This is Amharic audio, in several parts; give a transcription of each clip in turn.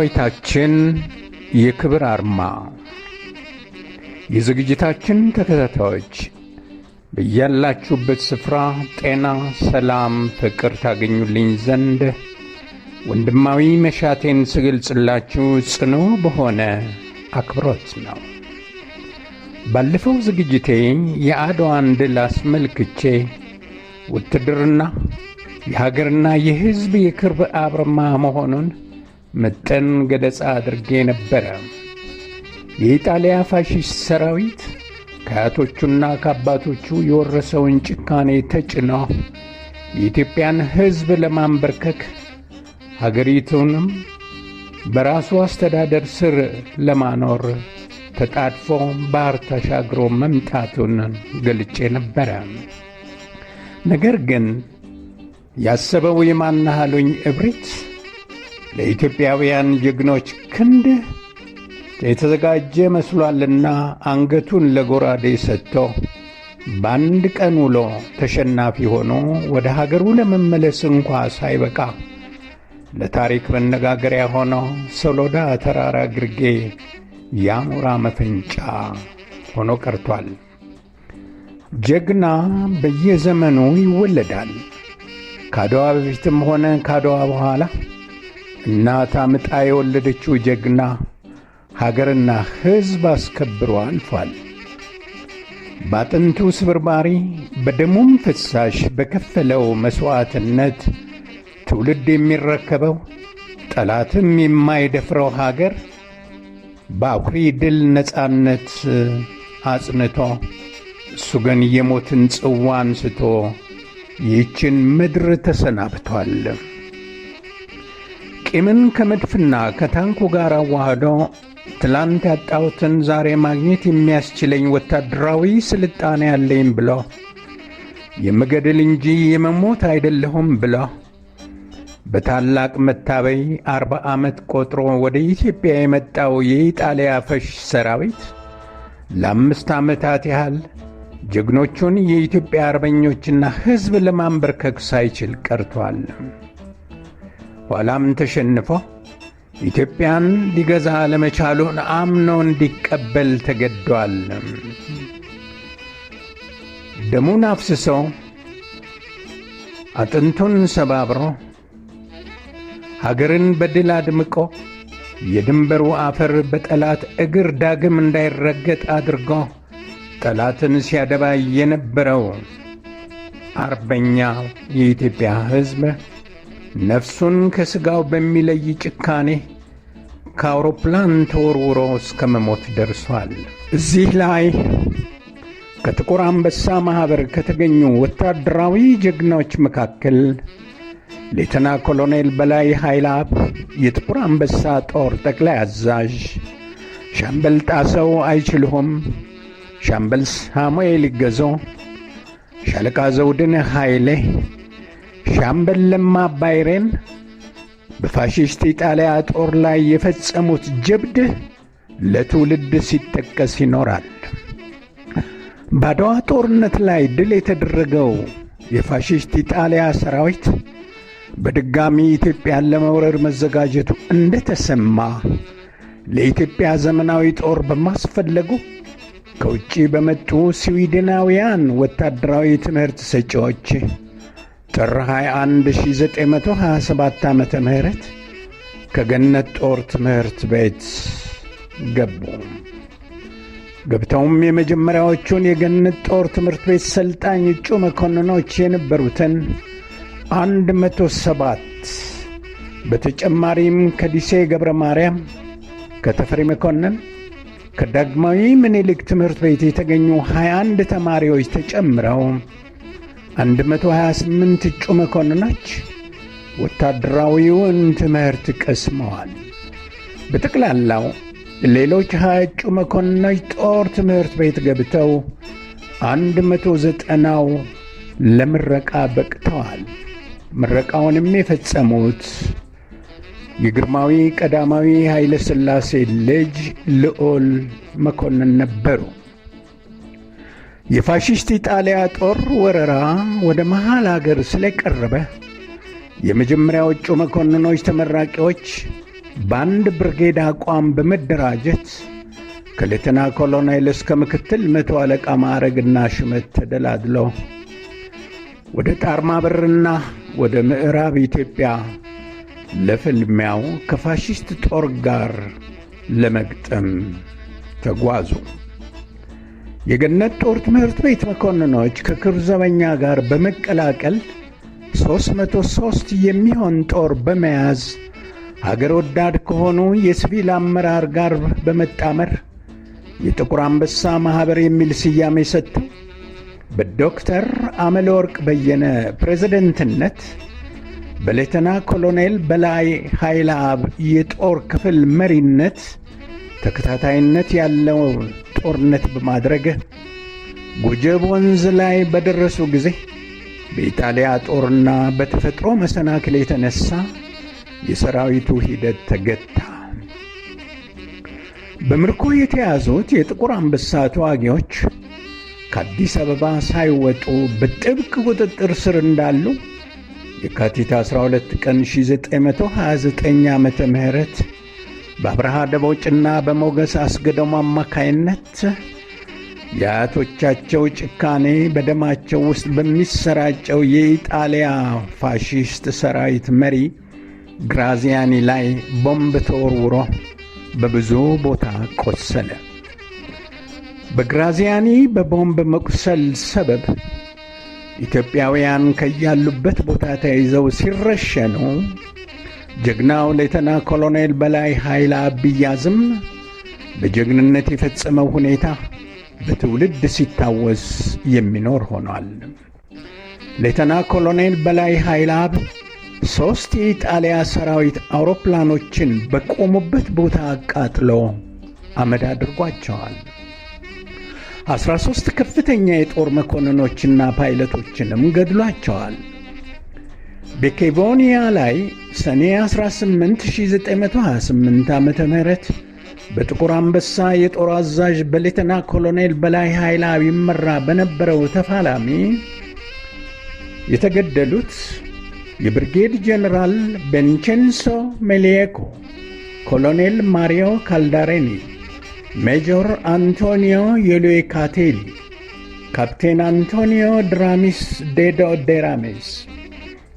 የሰራዊታችን የክብር አርማ የዝግጅታችን ተከታታዮች በያላችሁበት ስፍራ ጤና፣ ሰላም፣ ፍቅር ታገኙልኝ ዘንድ ወንድማዊ መሻቴን ስገልጽላችሁ ጽኑ በሆነ አክብሮት ነው። ባለፈው ዝግጅቴ የአድዋን ድል አስመልክቼ ውትድርና የሀገርና የሕዝብ የክብር አርማ መሆኑን መጠን ገለጻ አድርጌ ነበረ። የኢጣሊያ ፋሽስት ሰራዊት ከአያቶቹና ከአባቶቹ የወረሰውን ጭካኔ ተጭኖ የኢትዮጵያን ሕዝብ ለማንበርከክ አገሪቱንም በራሱ አስተዳደር ስር ለማኖር ተጣድፎ ባህር ተሻግሮ መምጣቱን ገልጬ ነበረ። ነገር ግን ያሰበው የማናሃሉኝ እብሪት ለኢትዮጵያውያን ጀግኖች ክንድ የተዘጋጀ መስሏልና አንገቱን ለጎራዴ ሰጥቶ በአንድ ቀን ውሎ ተሸናፊ ሆኖ ወደ ሀገሩ ለመመለስ እንኳ ሳይበቃ ለታሪክ መነጋገሪያ ሆኖ ሶሎዳ ተራራ ግርጌ የአሞራ መፈንጫ ሆኖ ቀርቷል። ጀግና በየዘመኑ ይወለዳል። ከአድዋ በፊትም ሆነ ከአድዋ በኋላ እናት አምጣ የወለደችው ጀግና ሀገርና ሕዝብ አስከብሮ አልፏል። በአጥንቱ ስብርባሪ በደሙም ፍሳሽ በከፈለው መሥዋዕትነት ትውልድ የሚረከበው ጠላትም የማይደፍረው ሀገር በአኩሪ ድል ነፃነት አጽንቶ እሱ ግን የሞትን ጽዋ አንስቶ ይህችን ምድር ተሰናብቷል። ቂምን ከመድፍና ከታንኩ ጋር አዋህዶ ትላንት ያጣሁትን ዛሬ ማግኘት የሚያስችለኝ ወታደራዊ ስልጣኔ ያለኝ ብሎ የምገድል እንጂ የመሞት አይደለሁም ብሎ በታላቅ መታበይ አርባ ዓመት ቆጥሮ ወደ ኢትዮጵያ የመጣው የኢጣሊያ ፈሽ ሰራዊት ለአምስት ዓመታት ያህል ጀግኖቹን የኢትዮጵያ አርበኞችና ሕዝብ ለማንበርከክ ሳይችል ቀርቷል። ኋላም ተሸንፎ ኢትዮጵያን ሊገዛ ለመቻሉን አምኖ እንዲቀበል ተገዷል። ደሙን አፍስሶ አጥንቱን ሰባብሮ ሀገርን በድል አድምቆ የድንበሩ አፈር በጠላት እግር ዳግም እንዳይረገጥ አድርጎ ጠላትን ሲያደባ የነበረው አርበኛ የኢትዮጵያ ሕዝብ ነፍሱን ከሥጋው በሚለይ ጭካኔ ከአውሮፕላን ተወርውሮ እስከ መሞት ደርሷል። እዚህ ላይ ከጥቁር አንበሳ ማኅበር ከተገኙ ወታደራዊ ጀግናዎች መካከል ሌተና ኮሎኔል በላይ ኃይለአብ የጥቁር አንበሳ ጦር ጠቅላይ አዛዥ፣ ሻምበል ጣሰው አይችልሁም፣ ሻምበል ሳሙኤል ይገዘው፣ ሻለቃ ዘውድን ኃይሌ ሻምበል ባይሬን በፋሽስት ኢጣሊያ ጦር ላይ የፈጸሙት ጀብድ ለትውልድ ሲጠቀስ ይኖራል። ባድዋ ጦርነት ላይ ድል የተደረገው የፋሽስት ኢጣሊያ ሰራዊት በድጋሚ ኢትዮጵያን ለመውረር መዘጋጀቱ እንደተሰማ ለኢትዮጵያ ዘመናዊ ጦር በማስፈለጉ ከውጭ በመጡ ስዊድናውያን ወታደራዊ ትምህርት ሰጪዎች ጥር 21 1927 ዓ ም ከገነት ጦር ትምህርት ቤት ገቡ። ገብተውም የመጀመሪያዎቹን የገነት ጦር ትምህርት ቤት ሰልጣኝ እጩ መኮንኖች የነበሩትን አንድ በተጨማሪም ከዲሴ ገብረ ማርያም፣ ከተፈሪ መኮንን፣ ከዳግማዊ ምኒልክ ትምህርት ቤት የተገኙ 21 ተማሪዎች ተጨምረው 128 እጩ መኮንኖች ወታደራዊውን ትምህርት ቀስመዋል። በጠቅላላው ሌሎች 20 እጩ መኮንኖች ጦር ትምህርት ቤት ገብተው 190ው ለምረቃ በቅተዋል። ምረቃውንም የፈጸሙት የግርማዊ ቀዳማዊ ኃይለ ሥላሴ ልጅ ልዑል መኮንን ነበሩ። የፋሽስት ኢጣሊያ ጦር ወረራ ወደ መሃል አገር ስለቀረበ የመጀመሪያ መኮንኖች ተመራቂዎች በአንድ ብርጌድ አቋም በመደራጀት ከሌተና ኮሎኔል እስከ ምክትል መቶ አለቃ ማዕረግና ሹመት ተደላድለው ወደ ጣርማ በርና ወደ ምዕራብ ኢትዮጵያ ለፍልሚያው ከፋሽስት ጦር ጋር ለመግጠም ተጓዙ። የገነት ጦር ትምህርት ቤት መኮንኖች ዘበኛ ጋር በመቀላቀል 303 የሚሆን ጦር በመያዝ አገር ወዳድ ከሆኑ የሲቪል አመራር ጋር በመጣመር የጥቁር አንበሳ ማኅበር የሚል ስያሜ ሰጡ። በዶክተር አመለወርቅ በየነ ፕሬዝደንትነት በሌተና ኮሎኔል በላይ ኃይለአብ የጦር ክፍል መሪነት ተከታታይነት ያለው ጦርነት በማድረግ ጎጀብ ወንዝ ላይ በደረሱ ጊዜ በኢጣሊያ ጦርና በተፈጥሮ መሰናክል የተነሳ የሰራዊቱ ሂደት ተገታ። በምርኮ የተያዙት የጥቁር አንበሳ ተዋጊዎች ከአዲስ አበባ ሳይወጡ በጥብቅ ቁጥጥር ስር እንዳሉ የካቲት 12 ቀን 1929 ዓ ም በአብርሃ ደቦጭና በሞገስ አስገደሙ አማካይነት የአያቶቻቸው ጭካኔ በደማቸው ውስጥ በሚሰራጨው የኢጣሊያ ፋሺስት ሰራዊት መሪ ግራዚያኒ ላይ ቦምብ ተወርውሮ በብዙ ቦታ ቆሰለ። በግራዚያኒ በቦምብ መቁሰል ሰበብ ኢትዮጵያውያን ከያሉበት ቦታ ተይዘው ሲረሸኑ ጀግናው ሌተና ኮሎኔል በላይ ኃይለ አብያዝም በጀግንነት የፈጸመው ሁኔታ በትውልድ ሲታወስ የሚኖር ሆኗል። ሌተና ኮሎኔል በላይ ኃይለ አብ ሦስት የኢጣሊያ ሰራዊት አውሮፕላኖችን በቆሙበት ቦታ አቃጥሎ አመድ አድርጓቸዋል። አስራ ሦስት ከፍተኛ የጦር መኮንኖችና ፓይለቶችንም ገድሏቸዋል። በኬቮኒያ ላይ ሰኔ 18 1928 ዓ ም በጥቁር አንበሳ የጦር አዛዥ በሌተና ኮሎኔል በላይ ኃይላ ይመራ በነበረው ተፋላሚ የተገደሉት የብርጌድ ጀነራል ቤንቼንሶ ሜሊኮ፣ ኮሎኔል ማሪዮ ካልዳሬኒ፣ ሜጆር አንቶኒዮ የሉካቴሊ፣ ካፕቴን አንቶኒዮ ድራሚስ ዴዶ ዴራሜስ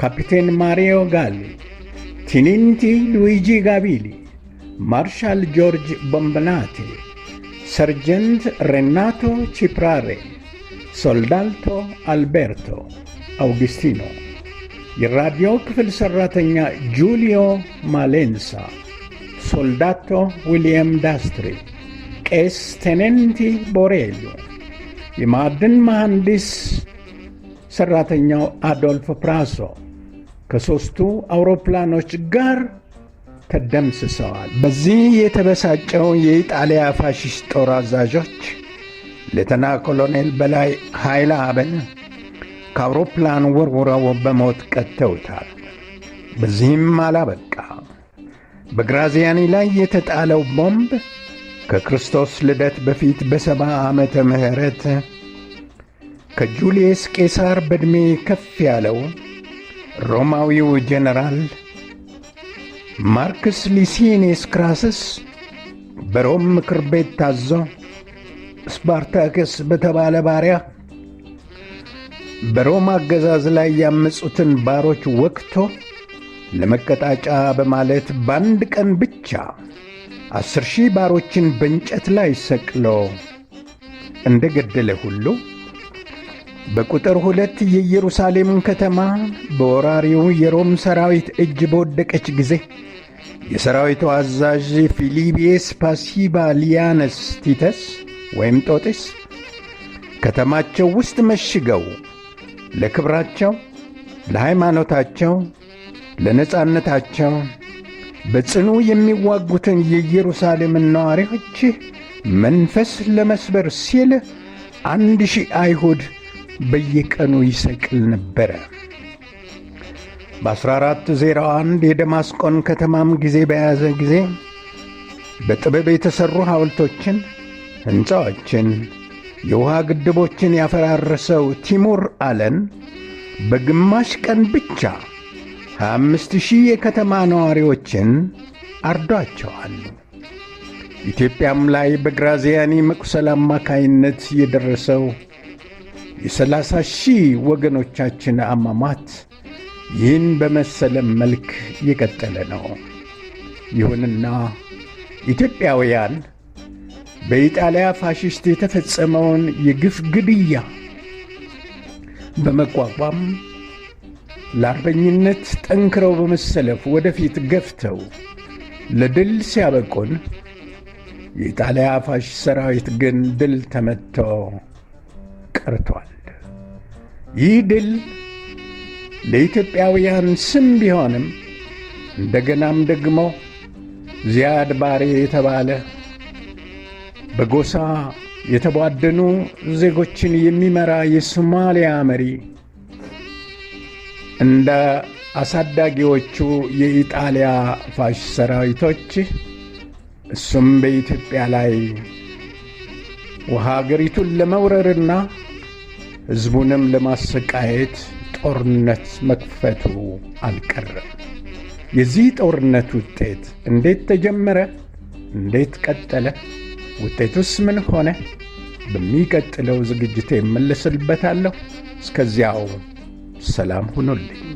Capitan Mario Galli, Tininti Luigi Gavili, Marshal George Bombanati, Sergeant Renato Ciprare, Soldato Alberto Augustino, አውግስቲኖ፣ የራዲዮ ክፍል ሠራተኛ ጁሊዮ ማሌንሳ፣ ሶልዳቶ ዊልያም ዳስትሪ፣ ቄስ ቴኔንቲ ቦሬሉ፣ Madden መሐንዲስ serratagna Adolfo ፕራሶ ከሦስቱ አውሮፕላኖች ጋር ተደምስሰዋል። በዚህ የተበሳጨው የኢጣሊያ ፋሽስት ጦር አዛዦች ሌተና ኮሎኔል በላይ ኃይለ አብን ከአውሮፕላን ወርውረው በሞት ቀተውታል። በዚህም አላበቃ። በግራዚያኒ ላይ የተጣለው ቦምብ ከክርስቶስ ልደት በፊት በሰባ ዓመተ ምሕረት ከጁልየስ ቄሳር በዕድሜ ከፍ ያለው ሮማዊው ጄኔራል ማርክስ ሊሲኒስ ክራስስ በሮም ምክር ቤት ታዞ ስፓርታክስ በተባለ ባሪያ በሮም አገዛዝ ላይ ያመፁትን ባሮች ወቅቶ ለመቀጣጫ በማለት በአንድ ቀን ብቻ አስር ሺህ ባሮችን በእንጨት ላይ ሰቅሎ እንደ ገደለ ሁሉ በቁጥር ሁለት የኢየሩሳሌም ከተማ በወራሪው የሮም ሰራዊት እጅ በወደቀች ጊዜ የሰራዊቱ አዛዥ ፊሊቤስ ፓሲባሊያነስ ቲተስ ወይም ጦጢስ ከተማቸው ውስጥ መሽገው ለክብራቸው፣ ለሃይማኖታቸው፣ ለነፃነታቸው በጽኑ የሚዋጉትን የኢየሩሳሌምን ነዋሪዎች መንፈስ ለመስበር ሲል አንድ ሺህ አይሁድ በየቀኑ ይሰቅል ነበረ። በ1401 የደማስቆን ከተማም ጊዜ በያዘ ጊዜ በጥበብ የተሠሩ ሐውልቶችን፣ ሕንፃዎችን፣ የውሃ ግድቦችን ያፈራረሰው ቲሙር አለን በግማሽ ቀን ብቻ 25 ሺህ የከተማ ነዋሪዎችን አርዷቸዋል። ኢትዮጵያም ላይ በግራዚያኒ መቁሰል አማካይነት የደረሰው የሰላሳ ሺህ ወገኖቻችን አሟሟት ይህን በመሰለ መልክ የቀጠለ ነው። ይሁንና ኢትዮጵያውያን በኢጣሊያ ፋሽስት የተፈጸመውን የግፍ ግድያ በመቋቋም ለአርበኝነት ጠንክረው በመሰለፍ ወደፊት ገፍተው ለድል ሲያበቁን የኢጣሊያ ፋሽስት ሰራዊት ግን ድል ተመቶ ቀርቷል። ይህ ድል ለኢትዮጵያውያን ስም ቢሆንም እንደገናም ደግሞ ዚያድ ባሬ የተባለ በጎሳ የተቧደኑ ዜጎችን የሚመራ የሶማሊያ መሪ እንደ አሳዳጊዎቹ የኢጣሊያ ፋሽ ሰራዊቶች እሱም በኢትዮጵያ ላይ ሀገሪቱን ለመውረርና ሕዝቡንም ለማሰቃየት ጦርነት መክፈቱ አልቀረም። የዚህ ጦርነት ውጤት እንዴት ተጀመረ? እንዴት ቀጠለ? ውጤቱስ ምን ሆነ? በሚቀጥለው ዝግጅት የመለስልበታለሁ። እስከዚያው ሰላም ሁኑልኝ።